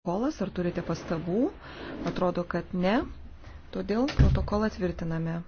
protokolas, ar turite pastabų? Atrodo, kad ne. Todėl protokolą tvirtiname.